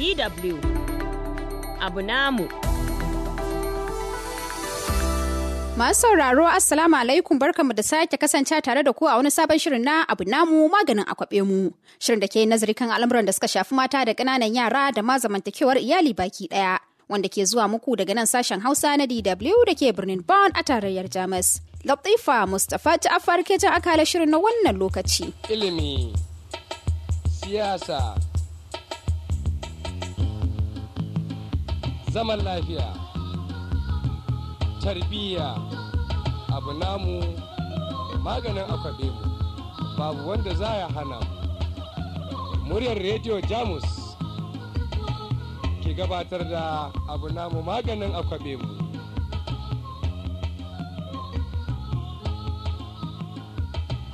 DW abu namu. Masu sauraro Assalamu alaikum barkamu da sake kasance tare da ku a wani sabon shirin na abu namu maganin akwabe mu. Shirin da ke nazari kan al'amuran da suka shafi mata da ƙananan yara da ma zamantakewar iyali baki ɗaya. Wanda ke zuwa muku daga nan sashen Hausa na DW da ke birnin Bonn a tarayyar Jamus. Latifa Mustapha ta afarke jan akala shirin na wannan lokaci. Ilimi, siyasa, zaman lafiya tarbiyya abu namu maganin akwabe mu babu wanda za ya hana mu muryar rediyo jamus ke gabatar da abu namu maganin akwabe mu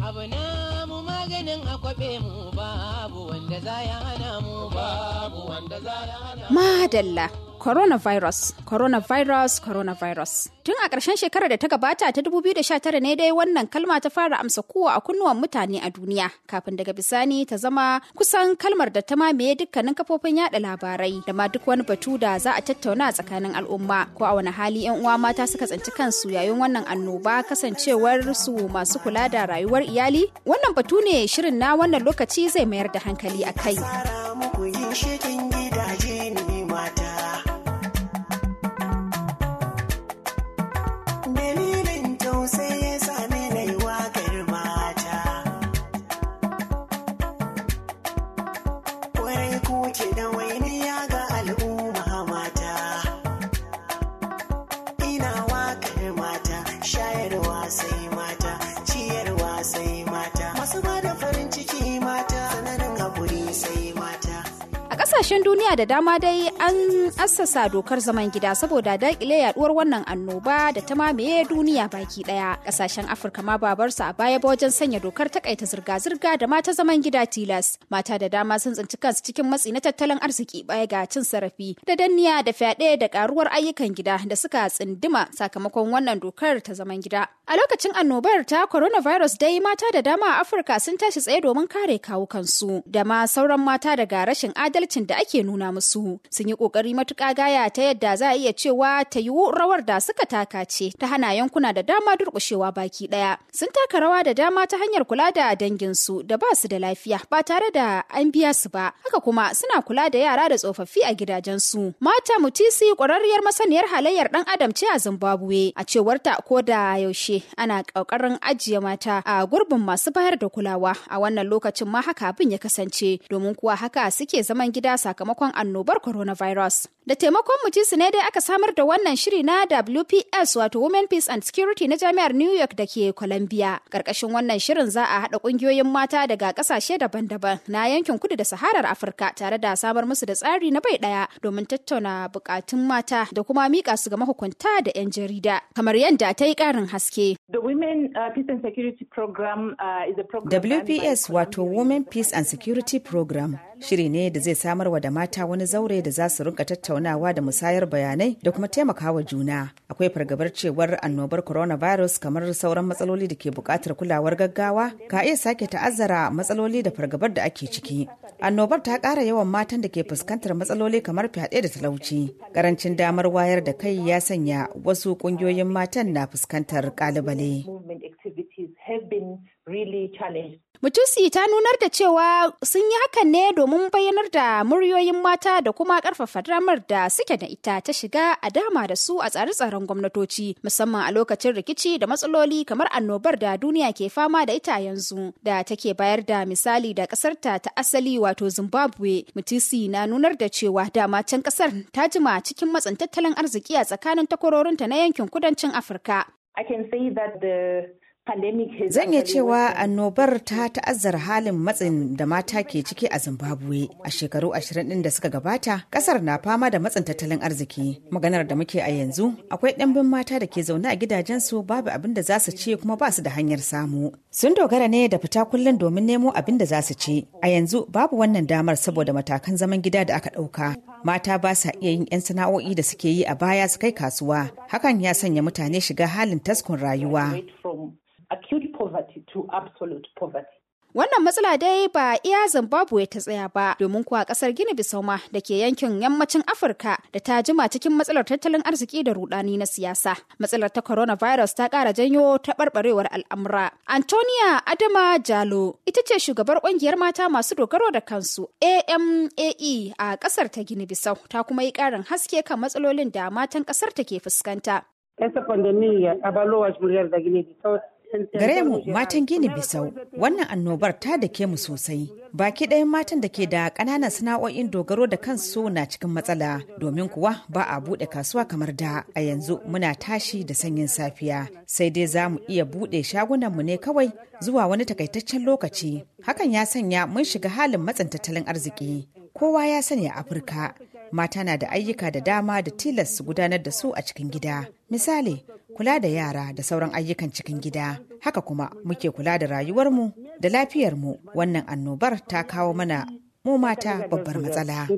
abu namu maganin akwabe mu babu wanda za ya hana mu babu wanda za ya hana mu madalla coronavirus coronavirus coronavirus tun a ƙarshen shekarar da ta gabata ta 2019 ne dai wannan kalma ta fara amsa kowa a kunnuwan mutane a duniya kafin daga bisani ta zama kusan kalmar da ta mamaye dukkanin kafofin yada labarai da ma duk wani batu da za a tattauna tsakanin al'umma ko a wani hali yan uwa mata suka tsinci kansu yayin wannan annoba kasancewar su masu kula da rayuwar iyali wannan batu ne shirin na wannan lokaci zai mayar da hankali a kai. kasashen duniya da dama dai an assasa dokar zaman gida saboda daƙile yaduwar wannan annoba da ta mamaye duniya baki ɗaya? Ƙasashen afirka ma babarsa a baya ba wajen sanya dokar takaita zirga-zirga da mata zaman gida tilas mata da dama sun tsinci kansu cikin matsi na tattalin arziki baya ga cin sarafi da danniya da fyaɗe da karuwar ayyukan gida da suka tsinduma sakamakon wannan dokar ta zaman gida a lokacin annobar ta coronavirus dai mata da dama a afirka sun tashi tsaye domin kare su da ma sauran mata daga rashin adalcin da ake nuna musu sun yi ƙoƙari matuƙa gaya ta yadda za a iya cewa ta yiwu rawar da suka taka ce ta hana yankuna da dama durƙushewa baki ɗaya sun taka rawa da dama ta hanyar kula da danginsu da ba su da lafiya ba tare da an biya su ba haka kuma suna kula da yara da tsofaffi a gidajen su. mata mutisi ƙwararriyar masaniyar halayyar ɗan adam ce a zimbabwe a cewar ta ko da yaushe ana ƙauƙarin ajiye mata a gurbin masu bayar da kulawa a wannan lokacin ma haka abin ya kasance domin kuwa haka suke zaman gida sakamakon annobar coronavirus. Da taimakon mutisi ne dai aka samar da wannan shiri na WPS wato Women Peace and Security na Jami'ar New York da ke Columbia. Karkashin wannan shirin za a haɗa ƙungiyoyin mata daga ƙasashe daban-daban na yankin kudu da Saharar Afirka tare da samar musu da tsari na bai ɗaya domin tattauna buƙatun mata da kuma miƙa su ga mahukunta da 'yan jarida. Kamar yadda ta yi ƙarin haske. WPS wato Women uh, Peace and Security Program uh, shiri ne da zai samar wa da mata wani zaure da za su rinka tattaunawa da musayar bayanai da kuma taimakawa juna akwai fargabar cewar annobar coronavirus kamar sauran matsaloli da ke buƙatar kulawar gaggawa ka iya sake ta'azzara matsaloli da fargabar da ake ciki annobar ta ƙara yawan matan da ke fuskantar matsaloli kamar fyaɗe da talauci Karancin damar wayar da kai ya sanya wasu ƙungiyoyin matan na fuskantar ƙalubale. really challenged Mutusi ta nunar da cewa sun yi hakan ne domin bayyanar da muryoyin mata da kuma karfafa damar da suke da ita ta shiga a dama da su a tsare-tsaren gwamnatoci musamman a lokacin rikici da matsaloli kamar annobar da duniya ke fama da ita yanzu da take bayar da misali da kasar ta ta asali wato Zimbabwe. Mutusi na nunar da cewa dama can kasar ta jima cikin matsin tattalin arziki a tsakanin takwarorinta na yankin kudancin Afirka. I can see that the Zan iya cewa annobar ta ta'azzara halin matsin da mata ke ciki a Zimbabwe a shekaru ashirin da suka gabata, Kasar na fama da matsin tattalin arziki. Maganar da muke a yanzu, akwai ɗanbin mata da ke zaune a gidajensu babu abin da za su ce kuma ba su da hanyar samu. Sun dogara ne da fita kullum domin nemo abin da za su ci. A yanzu babu wannan damar saboda matakan zaman gida da aka ɗauka. Mata ba sa iya yin 'yan sana'o'i da suke yi a baya su kai kasuwa. Hakan ya sanya mutane shiga halin taskun rayuwa. acute poverty to absolute poverty. Wannan matsala dai ba iya Zimbabwe ta tsaya ba domin kuwa kasar Gini Bisau ma da ke yankin yammacin Afirka da ta jima cikin matsalar tattalin arziki da rudani na siyasa. Matsalar ta coronavirus ta kara janyo taɓarɓarewar al'amura. Antonia Adama Jalo ita ce shugabar ƙungiyar mata masu dogaro da kansu AMAE a kasar e, ta Gini Bisau ta kuma yi ƙarin haske kan matsalolin da matan kasar ta ke fuskanta. Esa pandemia muryar da Gini Bisau Gare mu matan Gini Bisau, wannan annobar ta da ke mu sosai. Baki ɗaya matan da ke da ƙananan sana'o'in dogaro da kansu na cikin matsala, domin kuwa ba a buɗe kasuwa kamar da a yanzu muna tashi da sanyin safiya. Sai dai za mu iya buɗe shagunanmu ne kawai zuwa wani takaitaccen lokaci. Hakan ya sanya mun shiga halin matsin tattalin arziki. Kowa ya sani a Afirka, mata na da ayyuka da dama da tilas su gudanar da su a cikin gida misali kula da yara da sauran ayyukan cikin gida haka kuma muke kula da rayuwarmu da lafiyarmu wannan annobar ta kawo mana mu mata babbar matsala.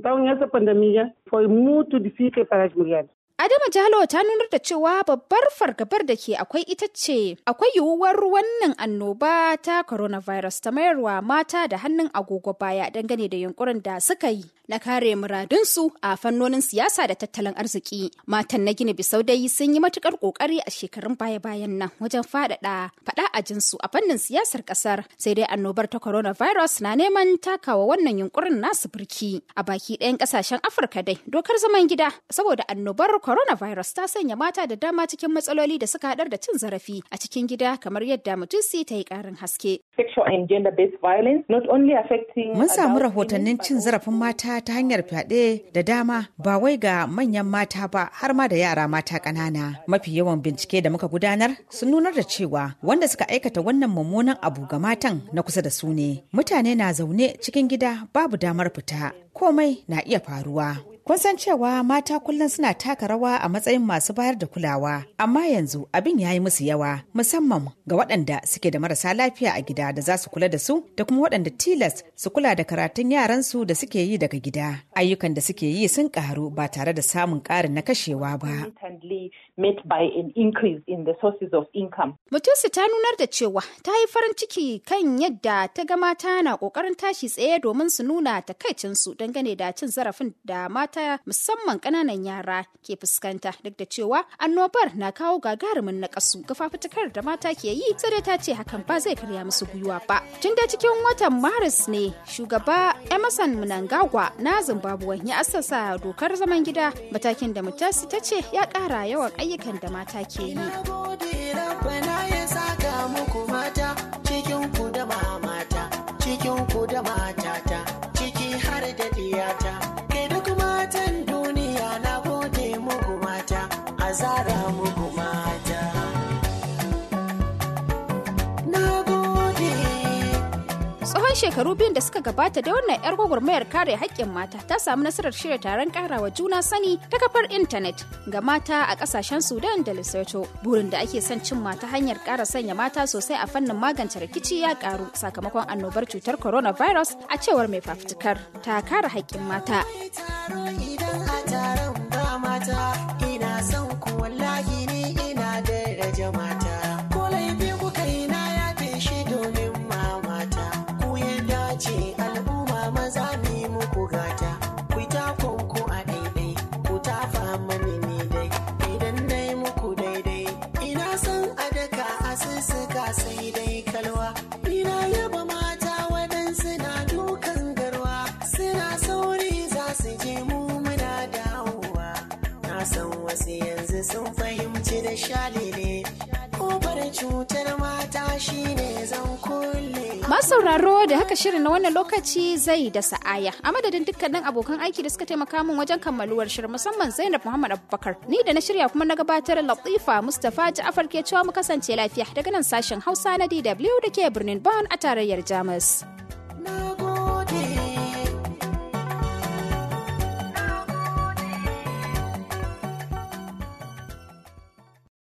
Adama Jalo ta nunar da cewa babbar fargabar da ke akwai ita ce akwai yiwuwar wannan annoba ta coronavirus ta mayarwa mata da hannun agogo baya dangane da yunkurin da suka yi na kare muradunsu a fannonin siyasa da tattalin arziki. Matan na Gini Bisau dai sun yi matukar kokari a shekarun baya-bayan nan wajen faɗaɗa faɗa a jinsu a fannin siyasar ƙasar sai dai annobar ta coronavirus na neman takawa wannan yunkurin nasu birki. A baki ɗayan ƙasashen Afirka dai dokar zaman gida saboda annobar coronavirus ta sanya mata da dama cikin matsaloli da suka haɗar da cin zarafi a cikin gida kamar yadda Mutusi ta yi ƙarin haske. Mun samu rahotannin cin zarafin mata ta hanyar fyaɗe da dama ba wai ga manyan mata ba har ma da yara mata ƙanana. Mafi yawan bincike da muka gudanar sun nunar da cewa wanda suka aikata wannan mummunan abu ga matan na kusa da su ne. Mutane na zaune cikin gida babu damar fita komai na iya faruwa. Kun san cewa mata kullum suna taka rawa a matsayin masu bayar da kulawa, amma yanzu abin ya yi musu yawa, musamman ga waɗanda suke da marasa lafiya a gida da za su kula da su, da kuma waɗanda tilas su kula da karatun yaransu da suke yi daga gida. Ayyukan da suke yi sun ƙaru ba tare da samun ƙarin na kashewa ba. met by an increase in the sources of income. Mutusu ta nunar da cewa ta yi farin ciki kan yadda ta ga mata na kokarin tashi tsaye domin su nuna su dangane da cin zarafin da mata musamman ƙananan yara ke fuskanta duk da cewa annobar na kawo gagarumin nakasu ga fafutukar da mata ke yi sai ta ce hakan ba zai karya musu gwiwa ba. Tun da cikin watan Maris ne shugaba Emerson Mnangagwa na Zimbabwe ya assasa dokar zaman gida matakin da mutasi ta ce ya ƙara yawan ayyukan da mata ke yi. shekaru biyun da suka gabata da wannan 'yar gwagwarmayar kare haƙƙin mata ta samu nasarar shirya taron ƙarawa juna sani ta kafar intanet ga mata a ƙasashen Sudan da Lesotho. Burin da ake son cin mata hanyar ƙara sanya mata sosai a fannin magance rikici ya ƙaru sakamakon annobar cutar coronavirus a cewar mai fafutukar ta kare haƙƙin mata. ce Masu sauraro da haka shirin na wannan lokaci zai da sa'aya. A madadin dukkanin abokan aiki da suka taimaka min wajen kammaluwar shirin musamman Zainab Muhammad Abubakar. Ni da na shirya kuma na gabatar Latifa Mustapha Ja'afar ke cewa mu kasance lafiya daga nan sashen Hausa na DW da ke birnin Bonn a tarayyar Jamus.